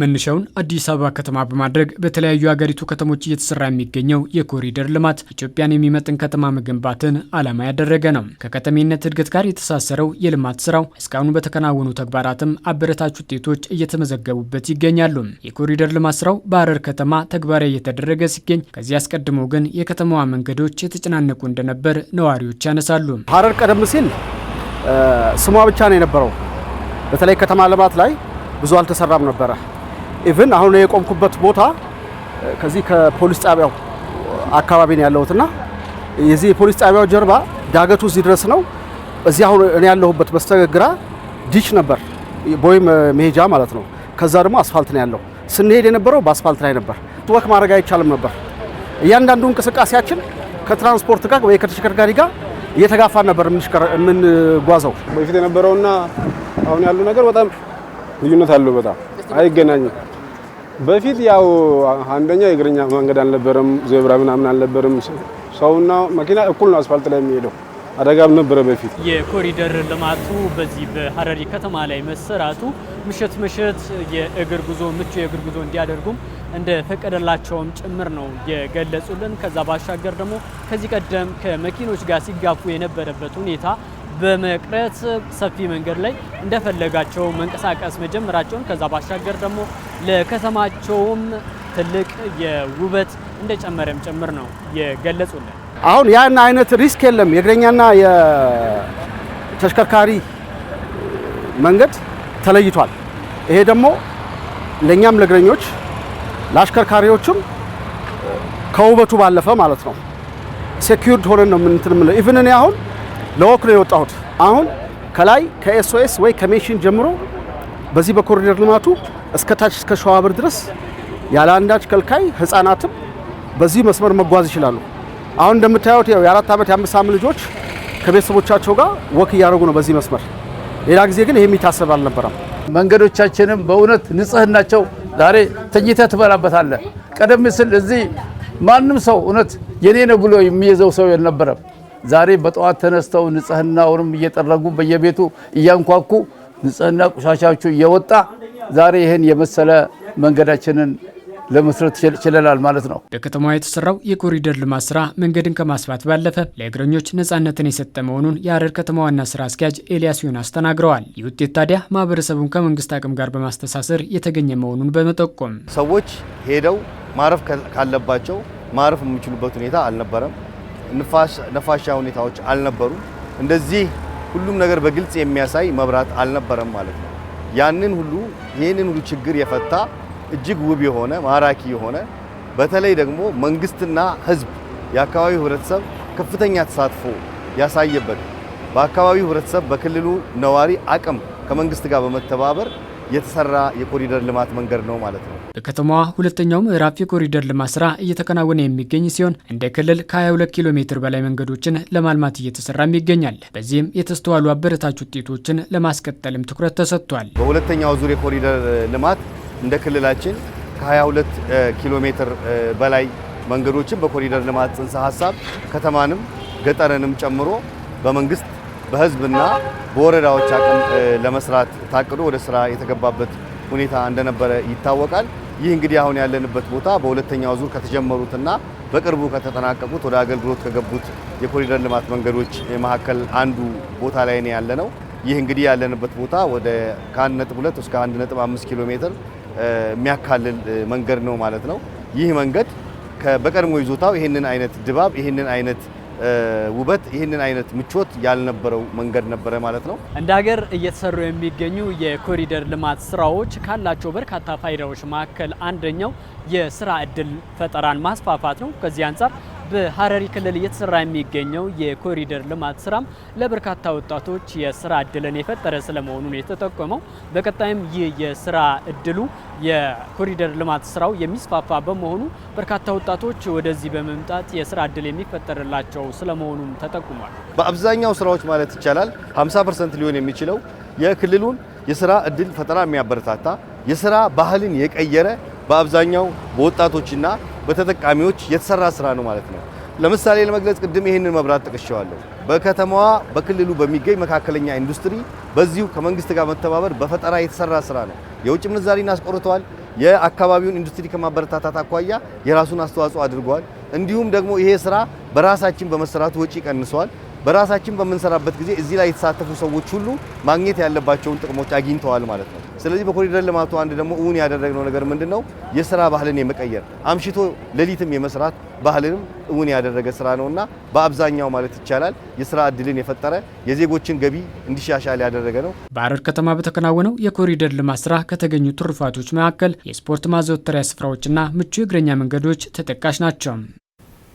መነሻውን አዲስ አበባ ከተማ በማድረግ በተለያዩ አገሪቱ ከተሞች እየተሰራ የሚገኘው የኮሪደር ልማት ኢትዮጵያን የሚመጥን ከተማ መገንባትን ዓላማ ያደረገ ነው። ከከተሜነት እድገት ጋር የተሳሰረው የልማት ስራው እስካሁን በተከናወኑ ተግባራትም አበረታች ውጤቶች እየተመዘገቡበት ይገኛሉ። የኮሪደር ልማት ስራው በሀረር ከተማ ተግባራዊ እየተደረገ ሲገኝ፣ ከዚህ አስቀድሞ ግን የከተማዋ መንገዶች የተጨናነቁ እንደነበር ነዋሪዎች ያነሳሉ። ሀረር ቀደም ሲል ስሟ ብቻ ነው የነበረው። በተለይ ከተማ ልማት ላይ ብዙ አልተሰራም ነበረ። ኢቭን አሁን የቆምኩበት ቦታ ከዚህ ከፖሊስ ጣቢያው አካባቢ ነው ያለሁትና የዚህ የፖሊስ ጣቢያው ጀርባ ዳገቱ እዚህ ድረስ ነው። እዚህ አሁን እኔ ያለሁበት በስተግራ ዲሽ ነበር፣ ቦይም መሄጃ ማለት ነው። ከዛ ደግሞ አስፋልት ነው ያለው። ስንሄድ የነበረው በአስፋልት ላይ ነበር። ወክ ማድረግ አይቻልም ነበር። እያንዳንዱ እንቅስቃሴያችን ከትራንስፖርት ጋር ወይ ከተሽከርካሪ ጋር እየተጋፋን ነበር የምንጓዘው። በፊት የነበረውና አሁን ያሉ ነገር በጣም ልዩነት አለው። በጣም አይገናኝም። በፊት ያው አንደኛ የእግረኛ መንገድ አልነበረም፣ ዜብራ ምናምን አልነበረም። ሰውና መኪና እኩል ነው አስፋልት ላይ የሚሄደው። አደጋም ነበረ በፊት። የኮሪደር ልማቱ በዚህ በሀረሪ ከተማ ላይ መሰራቱ ምሽት ምሽት የእግር ጉዞ ምቹ የእግር ጉዞ እንዲያደርጉም እንደ ፈቀደላቸውም ጭምር ነው የገለጹልን። ከዛ ባሻገር ደግሞ ከዚህ ቀደም ከመኪኖች ጋር ሲጋፉ የነበረበት ሁኔታ በመቅረት ሰፊ መንገድ ላይ እንደፈለጋቸው መንቀሳቀስ መጀመራቸውን ከዛ ባሻገር ደግሞ ለከተማቸውም ትልቅ የውበት እንደጨመረም ጭምር ነው የገለጹልን። አሁን ያን አይነት ሪስክ የለም። የእግረኛና የተሽከርካሪ መንገድ ተለይቷል። ይሄ ደግሞ ለእኛም ለእግረኞች ለአሽከርካሪዎችም ከውበቱ ባለፈ ማለት ነው ሴኪርድ ሆነን ነው ምንትን ምለው ኢቭን እኔ አሁን ለወክ ነው የወጣሁት። አሁን ከላይ ከኤስኦኤስ ወይ ከሜሽን ጀምሮ በዚህ በኮሪደር ልማቱ እስከ ታች እስከ ሸዋብር ድረስ ያለ አንዳች ከልካይ ህፃናትም በዚህ መስመር መጓዝ ይችላሉ። አሁን እንደምታዩት ያው የአራት ዓመት የአምስት ዓመት ልጆች ከቤተሰቦቻቸው ጋር ወክ እያደረጉ ነው በዚህ መስመር። ሌላ ጊዜ ግን ይሄ የሚታሰብ አልነበረም። መንገዶቻችንም በእውነት ንጽህናቸው ዛሬ ተኝተ ትበላበታለ። ቀደም ሲል እዚህ ማንም ሰው እውነት የኔ ነው ብሎ የሚይዘው ሰው የልነበረም። ዛሬ በጠዋት ተነስተው ንጽህናውንም እየጠረጉ በየቤቱ እያንኳኩ ንጽህና ቆሻሻዎቹ እየወጣ ዛሬ ይህን የመሰለ መንገዳችንን ለመስረት ችለናል ማለት ነው። በከተማዋ የተሰራው የኮሪደር ልማት ስራ መንገድን ከማስፋት ባለፈ ለእግረኞች ነፃነትን የሰጠ መሆኑን የሐረር ከተማ ዋና ስራ አስኪያጅ ኤልያስ ዮናስ ተናግረዋል። ይህ ውጤት ታዲያ ማህበረሰቡን ከመንግስት አቅም ጋር በማስተሳሰር የተገኘ መሆኑን በመጠቆም ሰዎች ሄደው ማረፍ ካለባቸው ማረፍ የሚችሉበት ሁኔታ አልነበረም። ነፋሻ ሁኔታዎች አልነበሩም። እንደዚህ ሁሉም ነገር በግልጽ የሚያሳይ መብራት አልነበረም ማለት ነው። ያንን ሁሉ ይህንን ሁሉ ችግር የፈታ እጅግ ውብ የሆነ ማራኪ የሆነ በተለይ ደግሞ መንግስትና ህዝብ የአካባቢው ህብረተሰብ ከፍተኛ ተሳትፎ ያሳየበት በአካባቢው ህብረተሰብ በክልሉ ነዋሪ አቅም ከመንግስት ጋር በመተባበር የተሰራ የኮሪደር ልማት መንገድ ነው ማለት ነው። በከተማዋ ሁለተኛው ምዕራፍ የኮሪደር ልማት ስራ እየተከናወነ የሚገኝ ሲሆን እንደ ክልል ከ22 ኪሎ ሜትር በላይ መንገዶችን ለማልማት እየተሰራም ይገኛል። በዚህም የተስተዋሉ አበረታች ውጤቶችን ለማስቀጠልም ትኩረት ተሰጥቷል። በሁለተኛው ዙር የኮሪደር ልማት እንደ ክልላችን ከ22 ኪሎ ሜትር በላይ መንገዶችን በኮሪደር ልማት ጽንሰ ሀሳብ ከተማንም ገጠርንም ጨምሮ በመንግስት በህዝብና በወረዳዎች አቅም ለመስራት ታቅዶ ወደ ስራ የተገባበት ሁኔታ እንደነበረ ይታወቃል። ይህ እንግዲህ አሁን ያለንበት ቦታ በሁለተኛው ዙር ከተጀመሩትና በቅርቡ ከተጠናቀቁት ወደ አገልግሎት ከገቡት የኮሪደር ልማት መንገዶች መካከል አንዱ ቦታ ላይ ነው ያለ ይህ እንግዲህ ያለንበት ቦታ ወደ ከ1.2 እስከ 1.5 ኪሎ ሜትር የሚያካልል መንገድ ነው ማለት ነው። ይህ መንገድ በቀድሞ ይዞታው ይህንን አይነት ድባብ ይህንን አይነት ውበት ይህንን አይነት ምቾት ያልነበረው መንገድ ነበረ ማለት ነው። እንደ ሀገር እየተሰሩ የሚገኙ የኮሪደር ልማት ስራዎች ካላቸው በርካታ ፋይዳዎች መካከል አንደኛው የስራ እድል ፈጠራን ማስፋፋት ነው። ከዚህ አንጻር በሐረሪ ክልል እየተሰራ የሚገኘው የኮሪደር ልማት ስራም ለበርካታ ወጣቶች የስራ እድልን የፈጠረ ስለመሆኑ ነው የተጠቆመው። በቀጣይም ይህ የስራ እድሉ የኮሪደር ልማት ስራው የሚስፋፋ በመሆኑ በርካታ ወጣቶች ወደዚህ በመምጣት የስራ እድል የሚፈጠርላቸው ስለመሆኑም ተጠቁሟል። በአብዛኛው ስራዎች ማለት ይቻላል 50 ፐርሰንት ሊሆን የሚችለው የክልሉን የስራ እድል ፈጠራ የሚያበረታታ የስራ ባህልን የቀየረ በአብዛኛው በወጣቶችና በተጠቃሚዎች የተሰራ ስራ ነው ማለት ነው። ለምሳሌ ለመግለጽ ቅድም ይህንን መብራት ጥቅሻዋለሁ። በከተማዋ በክልሉ በሚገኝ መካከለኛ ኢንዱስትሪ በዚሁ ከመንግስት ጋር መተባበር በፈጠራ የተሰራ ስራ ነው። የውጭ ምንዛሪን አስቆርተዋል። የአካባቢውን ኢንዱስትሪ ከማበረታታት አኳያ የራሱን አስተዋጽኦ አድርጓል። እንዲሁም ደግሞ ይሄ ስራ በራሳችን በመሰራቱ ወጪ ቀንሷል። በራሳችን በምንሰራበት ጊዜ እዚህ ላይ የተሳተፉ ሰዎች ሁሉ ማግኘት ያለባቸውን ጥቅሞች አግኝተዋል ማለት ነው። ስለዚህ በኮሪደር ልማቱ አንድ ደግሞ እውን ያደረግነው ነገር ምንድን ነው? የስራ ባህልን የመቀየር አምሽቶ ሌሊትም የመስራት ባህልንም እውን ያደረገ ስራ እና በአብዛኛው ማለት ይቻላል የስራ እድልን የፈጠረ የዜጎችን ገቢ እንዲሻሻል ያደረገ ነው። በሐረር ከተማ በተከናወነው የኮሪደር ልማት ስራ ከተገኙ ትሩፋቶች መካከል የስፖርት ማዘወተሪያ ስፍራዎችና ምቹ የእግረኛ መንገዶች ተጠቃሽ ናቸው።